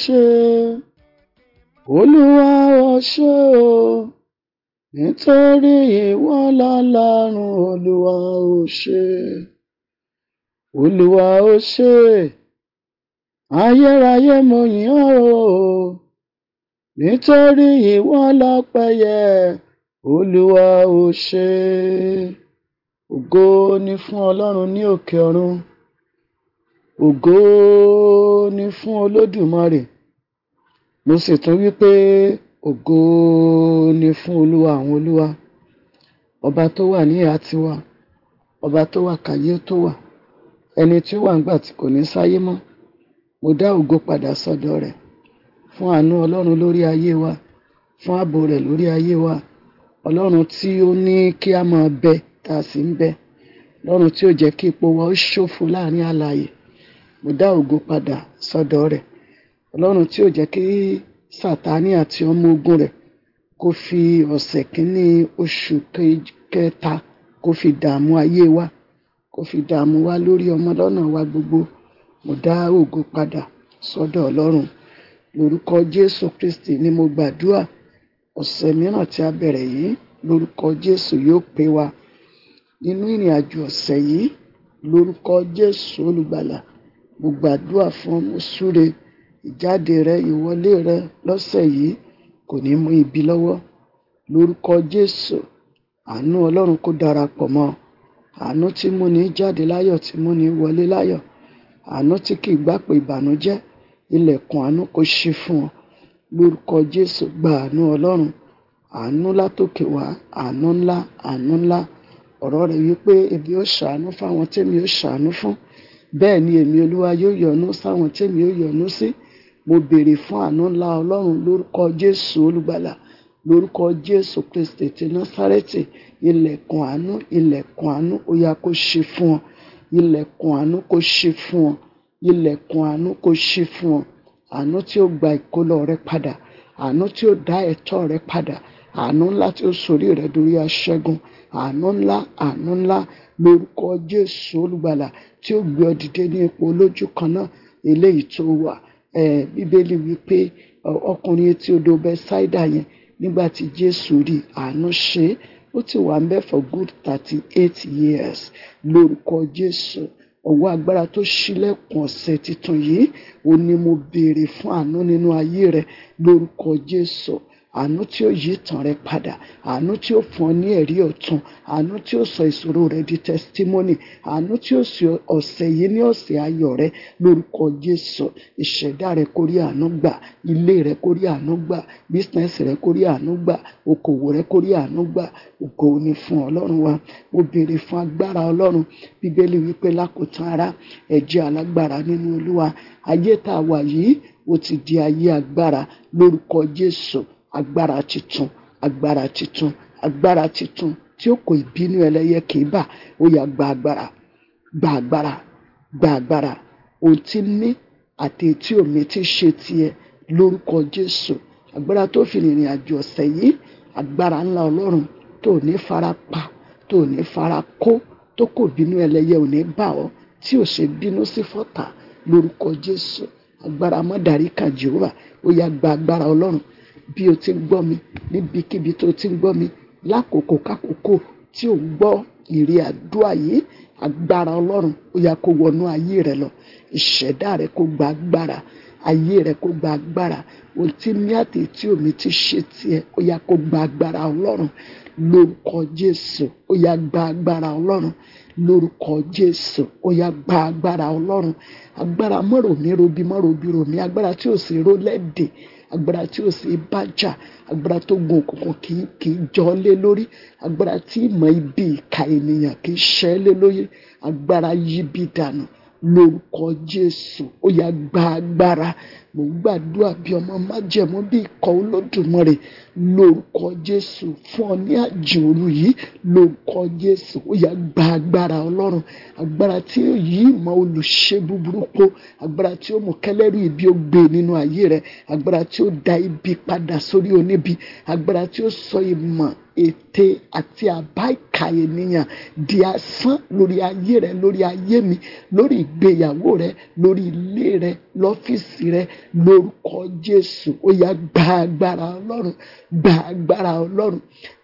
ṣé olúwa o ṣé o nítorí ìwọ lọ́lọ́run olúwa o ṣé olúwa o ṣé ayérayé mo yìn ọ́ o nítorí ìwọ lọ́pẹ́ yẹ olúwa o ògo ni fún ọlọ́run ní òkè ọ̀run ògo ni fún olódùmarè mo sì tún wí pé ògo ni fún olúwa àwọn olúwa ọba tó wà ní ìhà tiwa ọba tó wà káyé tó wà ẹni tí ó wà ńgbà tí kò ní sáyé mọ́ mo dá ògo padà sọ́dọ̀ rẹ̀ fún àánú Ọlọ́run lórí ayé wa fún ààbò rẹ̀ lórí ayé wa Ọlọ́run tí ó ní kí a máa bẹ tá a sì ń bẹ Ọlọ́run tí ó jẹ́ kí ipò wa ó ṣófo láàrin alààyè mo dá ògo padà sọdọ rẹ̀ ọlọ́run tí ò jẹ́ kí sátani àti ọmọ ogun rẹ̀ kó fi ọ̀sẹ̀ kínní oṣù kẹta kó fi dààmú ayé wa kó fi dààmú wa lórí ọmọ lọ́nà wa gbogbo mo dá ògo padà sọdọ ọlọ́run lórúkọ jésù kristi ni mo gbàdúrà ọ̀sẹ̀ mìíràn tí a bẹ̀rẹ̀ yìí lórúkọ jésù yóò pe wa nínú ìrìn àjò ọ̀sẹ̀ yìí lórúkọ jésù olùgbàlà mo gbàdúrà fún ọ mo súre ìjáde rẹ ìwọlé rẹ lọsẹ yìí kò ní mú ibi lọwọ lórúkọ jésù àánú ọlọrun kò darapọ mọ àánú tí múni jáde láyọ tí múni wọlé láyọ àánú tí kì í gbàpè ìbànújẹ ilẹkùn àánú kò ṣí fún ọ lórúkọ jésù gba àánú ọlọrun àánú ńlá tòkè wá àánú ńlá àánú ńlá ọrọ rẹ wípé èmi ó ṣàánú fáwọn tèmi ó ṣàánú fún bẹ́ẹ̀ ni èmi olúwa yóò yọ́nú sáwọn tèmi yóò yọ́nú sí mo béèrè fún àánú ńlá ọlọ́run lórúkọ jésù olùgbàlà lórúkọ jésù kristi ti násárẹ́tì ilẹ̀kùn àánú ilẹ̀kùn àánú ó yá kó ṣe fún ọ ilẹ̀kùn àánú kó ṣe fún ọ ilẹ̀kùn àánú kó ṣe fún ọ àánú tí ó gba ìkólọ rẹ padà àánú tí ó dá ẹ̀tọ́ rẹ padà àánú ńlá tí ó sorí rẹ dorí aṣẹ́gun àánú ńlá àánú ńlá lórúkọ Jésù olùgbàlà tí ó gbé ọ dìde ní ipò olójú kan náà eléyìí tó wà bíbélì wípé ọkùnrin etí odò Bẹ́sáídà yẹn nígbà tí Jésù rí àánú ṣe é ó ti wà ń bẹ̀ for good thirty eight years lórúkọ Jésù ọwọ́ agbára tó ṣílẹ̀kùn ọ̀sẹ̀ tuntun yìí ó ní mo béèrè fún àánú nínú ayé rẹ lórúkọ Jésù àánú tí ó yí ìtàn rẹ padà àánú tí ó fún ọ ní ẹ̀rí ọ̀tun àánú tí ó sọ ìṣòro rẹ di testimony àánú tí ó sọ ọ̀sẹ̀ yìí ní ọ̀sẹ̀ ayọ̀ rẹ lórúkọ Jésù ìṣẹ̀dá rẹ kó rí àánú gbà ilé rẹ kó rí àánú gbà bísínẹ́sì rẹ kó rí àánú gbà okòwò rẹ kó rí àánú gbà ògo ni fún Ọlọ́run wa mo fún agbára Ọlọ́run Bíbélì wípé lákòótán ara ẹ alágbára nínú Olúwa ayé tá a wà yìí ó ti di ayé agbára lórúkọ Jésù agbára titun agbára titun agbára titun tí ó kó ìbínú ẹlẹ́yẹ kì í bà ó yá gba agbára gba agbára gba agbára ohun tí ní àti èyí tí omi ti ṣe tiẹ̀ lórúkọ Jésù agbára tó fi rìnrìn àjò ọ̀sẹ̀ yìí agbára ńlá Ọlọ́run tó ní fara pa tó ní fara kó tó kò bínú ẹlẹ́yẹ ò ní bà ọ́ tí ò ṣe bínú sí fọ́tà lórúkọ Jésù agbára mọ́dàrí kan Jèhófà ó yá gba agbára Ọlọ́run bí o ti ń gbọ́ mi níbikíbi tó ti ń gbọ́ mi lákòókò kákòókò tí ò ń gbọ́ ìrì àdúrà yìí agbára ọlọ́run ó yá kó wọnú ayé rẹ lọ ìṣẹ̀dá rẹ kó gba agbára ayé rẹ kó gba agbára ohun tí mí àti tí omi ti ṣe tiẹ̀ ó yá kó gba agbára ọlọ́run lórúkọ jésù ó yá gba agbára ọlọ́run lórúkọ jésù ó yá gba agbára ọlọ́run agbára mọ́ròmí robi mọ́ròbí romi agbára tí ò sí rólẹ́dẹ̀ẹ́ agbára tí ò sí bá jà agbára tó gun òkùnkùn kì í kì í jọ lé lórí agbára tí ìmọ̀ ibi ìka ènìyàn kì ṣẹ́ lé lórí agbára yí dànù lórúkọ Jésù ó yá gba Mò ń gbàdúrà bí ọmọ májẹ̀mú bí ikọ̀ olódùmarè lórúkọ Jésù fún ọ ní àjò òru yìí lórúkọ Jésù. Ó yá gba agbára Ọlọ́run, agbára tí ó yí ìmọ̀ olùṣe búburú po, agbára tí ó mú kẹ́lẹ́rì ibi ó gbé nínú ayé rẹ, agbára tí ó da ibi padà sórí oníbi, agbára tí ó sọ ìmọ̀ ète àti àbá ìka ènìyàn di asán lórí ayé rẹ, lórí ayé mi, lórí ìgbéyàwó rẹ, lórí ilé rẹ, lọ́fíìsì rẹ, lórúkọ Jésù ó yá gba agbára Ọlọ́run gba agbára Ọlọ́run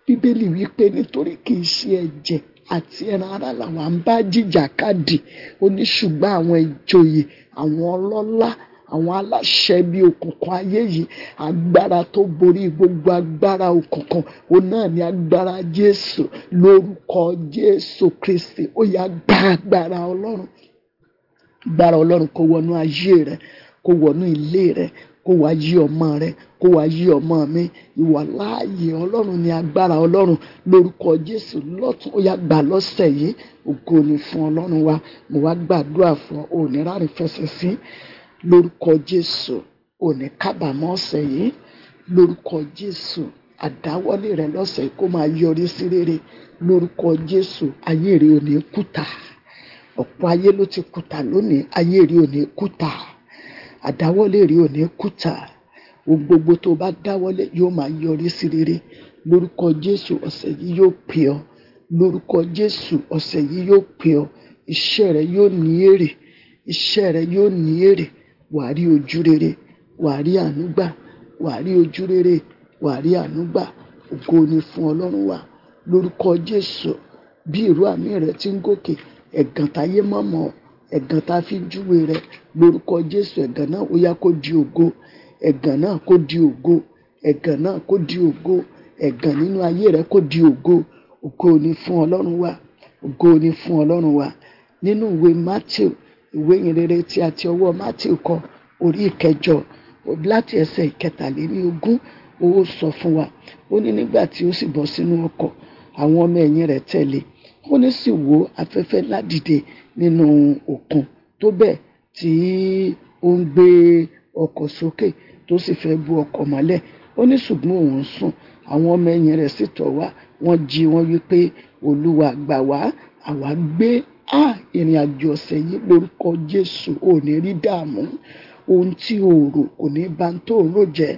bíbélì wípé nítorí kì í ṣe ẹ̀jẹ̀ àti ẹran ara làwọn ń bá jìjàkadì ó ní ṣùgbọ́n àwọn ìjòyè àwọn ọlọ́lá àwọn aláṣẹ bí òkùnkùn ayé yìí agbára tó borí gbogbo agbára òkùnkùn òun náà ni agbára Jésù lórúkọ Jésù Kristi ó yá gba agbára Ọlọ́run agbára Ọlọ́run kó wọnú ayé rẹ kó wọnú ilé rẹ kó wá yí ọmọ rẹ kó wá yí ọmọ mi ìwà láàyè ọlọ́run ní agbára ọlọ́run lórúkọ jésù lọ́tún ó yá gbà lọ́sẹ̀ yìí ògo ni fún ọlọ́run wa mo wá gbàdúrà fún òní rárín fẹsẹ̀ sí lórúkọ jésù òní kábàámọ̀ ọ̀sẹ̀ yìí lórúkọ jésù àdáwọ́lé rẹ lọ́sẹ̀ kó máa yọrí sí rere lórúkọ jésù ayé rẹ ò ní kùtà ọ̀pọ̀ ayé ló ti kùtà lónìí ayé rẹ ò ní kùtà àdáwọ́lé rẹ ò ní kùtà ohun gbogbo tó o bá dáwọ́lé yóò máa yọrí sí rere lórúkọ jésù ọ̀sẹ̀ yìí yóò pè ọ́ lórúkọ jésù ọ̀sẹ̀ yìí yóò pè ọ́ iṣẹ́ rẹ yóò ní èrè iṣẹ́ rẹ yóò ní èrè wàá rí ojú rere wàá rí àánú gbà wàá rí ojú rere wàá rí àánú gbà ògo ni fún ọlọ́run wa lórúkọ jésù bí ìró àmì rẹ ti ń gòkè ẹ̀gàn táyé mọ̀mọ́ ẹ̀gàn tá a fi ń júwe rẹ lórúkọ Jésù ẹ̀gàn náà ó yá kó di ògo ẹ̀gàn náà kó di ògo ẹ̀gàn náà kó di ògo ẹ̀gàn nínú ayé rẹ kó di ògo ògo ni fún Ọlọ́run wa ògo ni fún Ọlọ́run wa nínú ìwé Matthew ìwé ìyìnrere tí a ti ọwọ́ Matthew kọ orí ìkẹjọ láti ẹsẹ̀ ìkẹtàlélógún ó sọ fún wa ó ní nígbà tí ó sì bọ́ sínú ọkọ̀ àwọn ọmọ ẹ̀yìn rẹ̀ tẹ̀lé e ó ní sì wó afẹ́fẹ́ ńlá dìde nínú òkun tó bẹ́ẹ̀ tí ó ń gbé ọkọ̀ sókè tó sì fẹ́ bu ọkọ̀ mọ́lẹ̀ ó ní ṣùgbọ́n òun sùn àwọn ọmọ ẹ̀yìn rẹ̀ sì tọ̀ wá wọ́n jí wọ́n wí olúwa gbà wá àwa gbé a ìrìn àjò ọ̀sẹ̀ yìí lórúkọ jésù ò ní rí dààmú ohun tí o rò kò ní bá ń tó rò jẹ́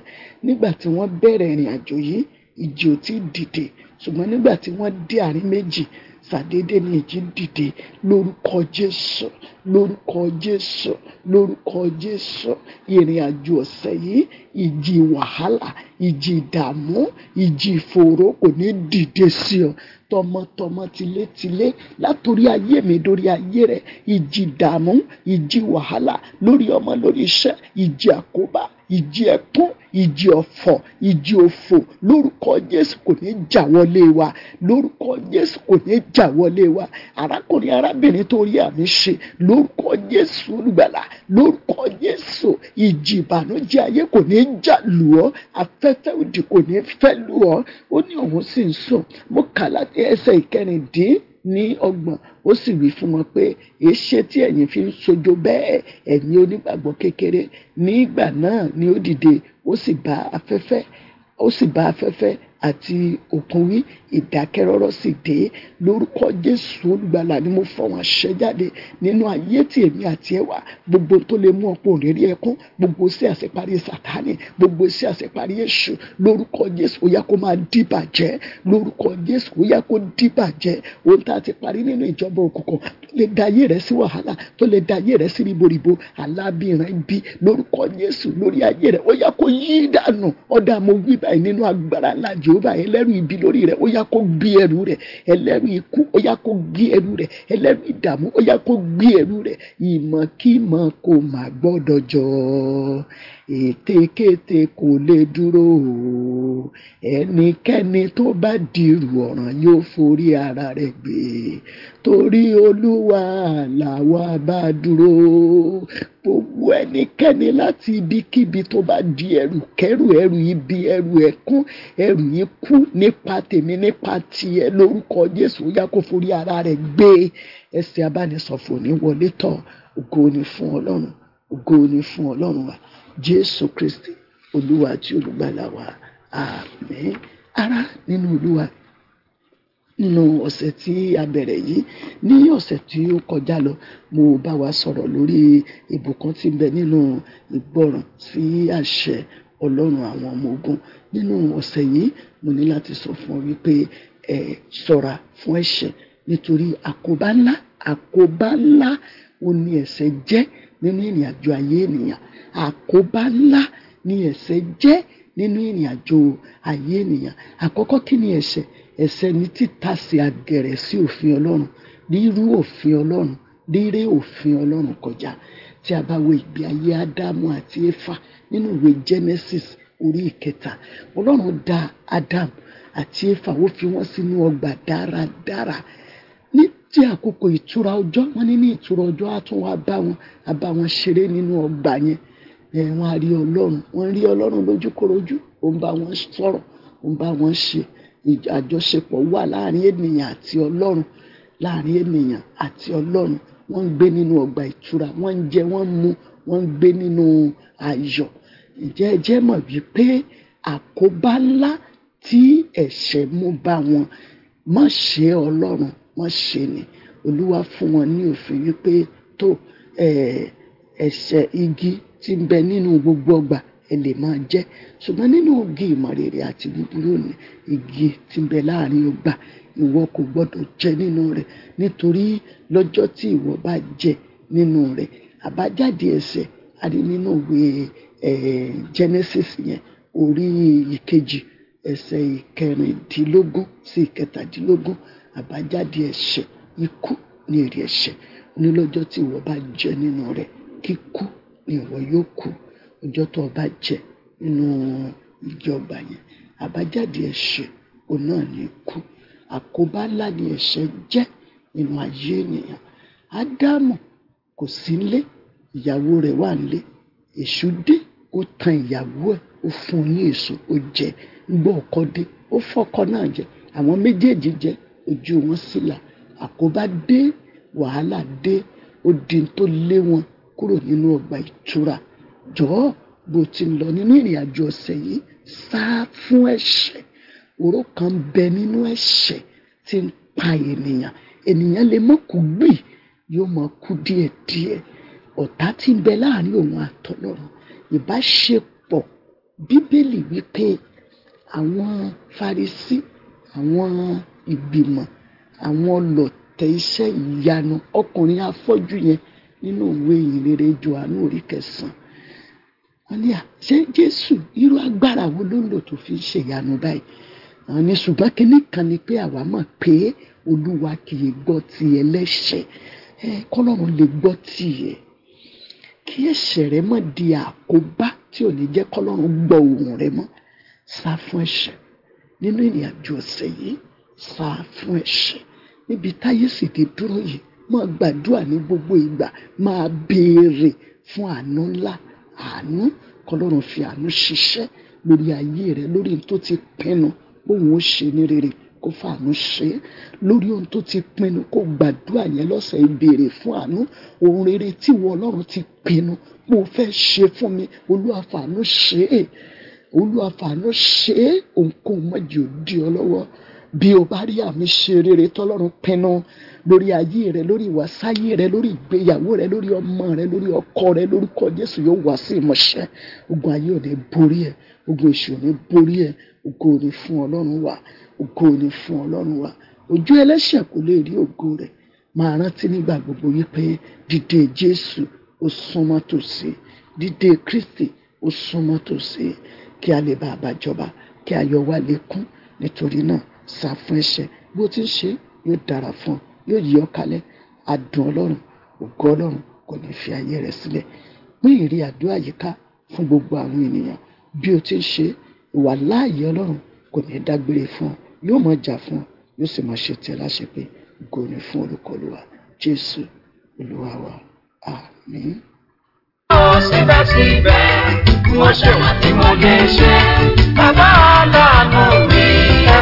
nígbà tí wọ́n bẹ̀rẹ̀ ìrìn àjò yìí ìjì ò tí dìde ṣùgbọ́n nígbà tí wọ́n dé àárín méjì ṣàdédé ni ìjì ń dìde lórúkọ jésù lórúkọ jésù lórúkọ jésù ìrìn àjò ọ̀sẹ̀ yìí ìjì wàhálà ìjì ìdààmú ìjì ìfòòró kò ní dìde sí ọ tọmọtọmọ tilétilé látòrí ayé mi dórí ayé rẹ ìjì ìdààmú ìjì wàhálà lórí ọmọ lórí iṣẹ́ ìjì àkóbá ìjì ẹkún ìjì ọ̀fọ̀ ìjì òfò lórúkọ jésù kò ní jà wọlé wa lórúkọ jésù kò ní jà wọlé wa arákùnrin arábìnrin tó rí àmì ṣe lórúkọ jésù olùgbàlà lórúkọ jésù ìjì ìbànújẹ́ ayé kò ní jà lù ọ́ afẹ́fẹ́ òdì kò ní fẹ́ lù ọ́ ó ní òun sì ń sùn mo kà láti ẹsẹ̀ ìkẹrìndín ní ọgbọ̀n ó sì wí fún wọn pé èéṣe tí ẹ̀yin fi ń sojo bẹ́ẹ̀ ẹ̀yin onígbàgbọ́ kékeré nígbà náà ni ó dìde ó sì bá afẹ́fẹ́ ó sì bá afẹ́fẹ́ àti òkun wí ìdákẹ́rọ́rọ́ sì dé lórúkọ Jésù olùgbàlà ni mo fọ wọn àṣẹ jáde nínú ayé tí èmi àti ẹ wà gbogbo tó lè mú ọ̀pọ̀ òrèrè ẹkún gbogbo sí àṣeparí sàtánì gbogbo sí àṣeparí èṣù lórúkọ Jésù ó yá kó máa dìbàjẹ́ lórúkọ Jésù ó yá kó dìbàjẹ́ ohun tá a ti parí nínú ìjọba òkùnkùn tó lè da ayé rẹ sí wàhálà tó lè da ayé rẹ sí ríboríbo alábìrin bí lórúkọ Jésù lórí ayé rẹ ó yá kó yí dànù ọ̀dà mo wí jehova ẹlẹ́rù ibi lórí rẹ̀ ó yá kó gbé ẹrù rẹ̀ ẹlẹ́rù ikú ó yá kó gbé ẹrù rẹ̀ ẹlẹ́rù ìdààmú ó yá kó gbé ẹrù rẹ̀ ìmọ̀kímọ̀ kò má gbọ́dọ̀ jọ ètekéte kò lè dúró o ẹnikẹ́ni tó bá dirù ọ̀ràn yóò forí ara rẹ̀ gbé torí olúwa làwa bá dúró gbogbo ẹnikẹ́ni láti ibikíbi tó bá di ẹrù kẹrù ẹrù ibi ẹrù ẹ̀kún ẹrù ikú nípa tèmi nípa tiẹ̀ lórúkọ Jésù ó yá kó forí ara rẹ̀ gbé ẹsẹ̀ abánisọ̀fọ̀ ní wọlé tọ̀ ògo ni fún Ọlọ́run ògo ni fún ọlọ́run wa jésù kristi olúwa àti olùgbàlà wa àmín ará nínú olúwa nínú ọ̀sẹ̀ tí a bẹ̀rẹ̀ yìí ní ọ̀sẹ̀ tí ó kọjá lọ mo bá wa sọ̀rọ̀ lórí ìbùkún tí ń bẹ nínú ìgbọràn sí àṣẹ ọlọ́run àwọn ọmọ ogun nínú ọ̀sẹ̀ yìí mo ní láti sọ fún ọ wípé ẹ ṣọ́ra fún ẹ̀ṣẹ̀ nítorí àkóbá ńlá àkóbá ńlá ó ní ẹ̀ṣẹ̀ jẹ́ nínú ìrìn àjò ayé ènìyàn àkóbá ńlá ni ẹ̀ṣẹ̀ jẹ́ nínú ìrìn àjò ayé ènìyàn àkọ́kọ́ kí ni ẹ̀ṣẹ̀ ẹ̀ṣẹ̀ ni títàsé àgẹ̀rẹ̀ sí òfin Ọlọ́run rírú òfin Ọlọ́run ríré òfin Ọlọ́run kọjá tí a bá wo ìgbé ayé Ádámù àti Éfà nínú ìwé Genesis orí ìkẹta Ọlọ́run dá Ádámù àti Éfà ó fi wọ́n sínú ọgbà dáradára. Dára ní ti àkókò ìtura ọjọ́ wọn ní ní ìtura ọjọ́ á tún wá bá wọn á bá wọn ṣeré nínú ọgbà yẹn ẹ wọn á rí ọlọ́run wọn rí ọlọ́run lójúkorojú ó ń bá wọn sọ̀rọ̀ ó ń bá wọn ṣe àjọṣepọ̀ wà láàrin ènìyàn àti ọlọ́run láàrin ènìyàn àti ọlọ́run wọ́n ń gbé nínú ọgbà ìtura wọ́n ń jẹ wọ́n ń mu wọ́n ń gbé nínú ayọ̀ ǹjẹ́ ẹ mọ̀ wípé àkóbá ńlá tí ẹ̀ṣẹ̀ mú bá wọn má ṣe ọlọ́run wọ́n ṣe ni olúwa fún wọn ní òfin wípé tó ẹ̀ṣẹ̀ igi tí ń bẹ nínú gbogbo ọgbà ẹ lè máa jẹ ṣùgbọ́n nínú igi ìmọ̀ rere àti búburú ni igi tí ń bẹ láàrin ọgbà ìwọ kò gbọdọ̀ jẹ nínú rẹ̀ nítorí lọ́jọ́ tí ìwọ bá jẹ nínú rẹ̀ àbájáde ẹ̀ṣẹ̀ a rí nínú ìwé Genesis yẹn orí ìkejì ẹsẹ̀ ìkẹrìndínlógún sí ìkẹtàdínlógún àbájáde ẹ̀ṣẹ̀ ikú ni èrè ẹ̀ṣẹ̀ ní lọ́jọ́ tí ìwọ bá jẹ nínú rẹ̀ kíkú ni ìwọ yóò kú ọjọ́ tó o bá jẹ nínú ìjọba yẹn àbájáde ẹ̀ṣẹ̀ òun náà ni ikú àkóbá ńlá ni ẹ̀ṣẹ̀ jẹ́ nínú ayé ènìyàn ádámù kò sí nílé ìyàwó rẹ̀ wà nílé èṣù dé ó tan ìyàwó ẹ̀ ó fún un ní èso ó jẹ gbọ́ ọkọ dé ó fọ́kọ náà jẹ àwọn méjèèjì jẹ ojú wọn sì là àkóbá dé wàhálà dé ó di tó lé wọn kúrò nínú ọgbà ìtura jọ̀ọ́ bó ti ń lọ nínú ìrìn àjò ọ̀sẹ̀ yìí sá fún ẹ̀ṣẹ̀ òró kan bẹ nínú ẹ̀ṣẹ̀ tí ń pa ènìyàn ènìyàn lè mọ́ kú gbì yóò mọ́ kú díẹ̀díẹ̀ ọ̀tá tí ń bẹ láàrin òun àtọlọ́run ìbáṣepọ̀ bíbélì wípé àwọn Farisí àwọn ìgbìmọ̀ àwọn ọlọ̀tẹ̀ iṣẹ́ ìyanu ọkùnrin afọ́jú yẹn nínú ìwé ìrere johannu orí kẹsàn-án wọ́n ní à ṣé jésù irú agbára wo ló ń lò tó fi ń ṣèyanu báyìí àwọn ní ṣùgbọ́n kinní kan ni pé àwa mọ̀ pé olúwa kì í gbọ́ ti ẹlẹ́ṣẹ̀ ẹ kọ́lọ́run lè gbọ́ tiẹ̀ kí ẹ̀ṣẹ̀ rẹ má di àkóbá tí ò ní jẹ́ kọ́lọ́run gbọ́ ohùn rẹ mọ́ sá fún ẹ̀ṣẹ̀ nínú ìrìn ọ̀sẹ̀ yìí sá fún ẹ̀ṣẹ̀ níbi táyé sì ti dúró yìí máa gbàdúrà ní gbogbo ìgbà máa béèrè fún àánú ńlá àánú kọlọ́run fi àánú ṣiṣẹ́ lórí ayé rẹ lórí ohun tó ti pinnu bóun ó ṣe ní rere kó fàánú ṣe é lórí ohun tó ti pinnu kó gbàdúrà yẹn lọ́sẹ̀ ìbéèrè fún àánú ohun rere tí ìwọ ọlọ́run ti pinnu mo fẹ́ ṣe fún mi olúwa fàánú ṣe é olúwa fàánú ṣe é òǹkóhun mọ́jì ò dí ọ lọ́wọ́ bí o bá rí àmì ṣe rere tọ́lọ́run pinnu lórí ayé rẹ lórí ìwàsáyé rẹ lórí ìgbéyàwó rẹ lórí ọmọ rẹ lórí ọkọ rẹ lórúkọ Jésù yóò wá sí ìmọ̀ṣẹ́ ogun ayé ò ní borí ẹ ogun èṣù ò ní borí ẹ ògo ni fún Ọlọ́run wa ògo ni fún Ọlọ́run wa ojú ẹlẹ́ṣẹ̀ kò lè rí ògo rẹ̀ máa rántí nígbà gbogbo wípé dídé Jésù ó súnmọ́ tòsí dídé Kristi ó súnmọ́ tòsí kí a lè bá àbájọba kí a yọ wá lékún nítorí náà sá fún ẹ̀ṣẹ̀ bó ti ń ṣe yóò dára fún ọ yóò yí ọ kalẹ̀ adùn ọlọ́run ògo ọlọ́run kò ní fi ayé rẹ sílẹ̀ pín ìrí àdúrà yìí ká fún gbogbo àwọn ènìyàn bí o ti ń ṣe ìwà láàyè ọlọ́run kò ní dágbére fún ọ yóò máa jà fún ọ yóò sì máa ṣe tiẹ̀ láṣepé ògo ni fún orúkọ olúwa jésù olúwa wa àmín. síbẹ̀síbẹ̀ mo ṣe wà tí mo lè ṣe bàbá aláàánú mi.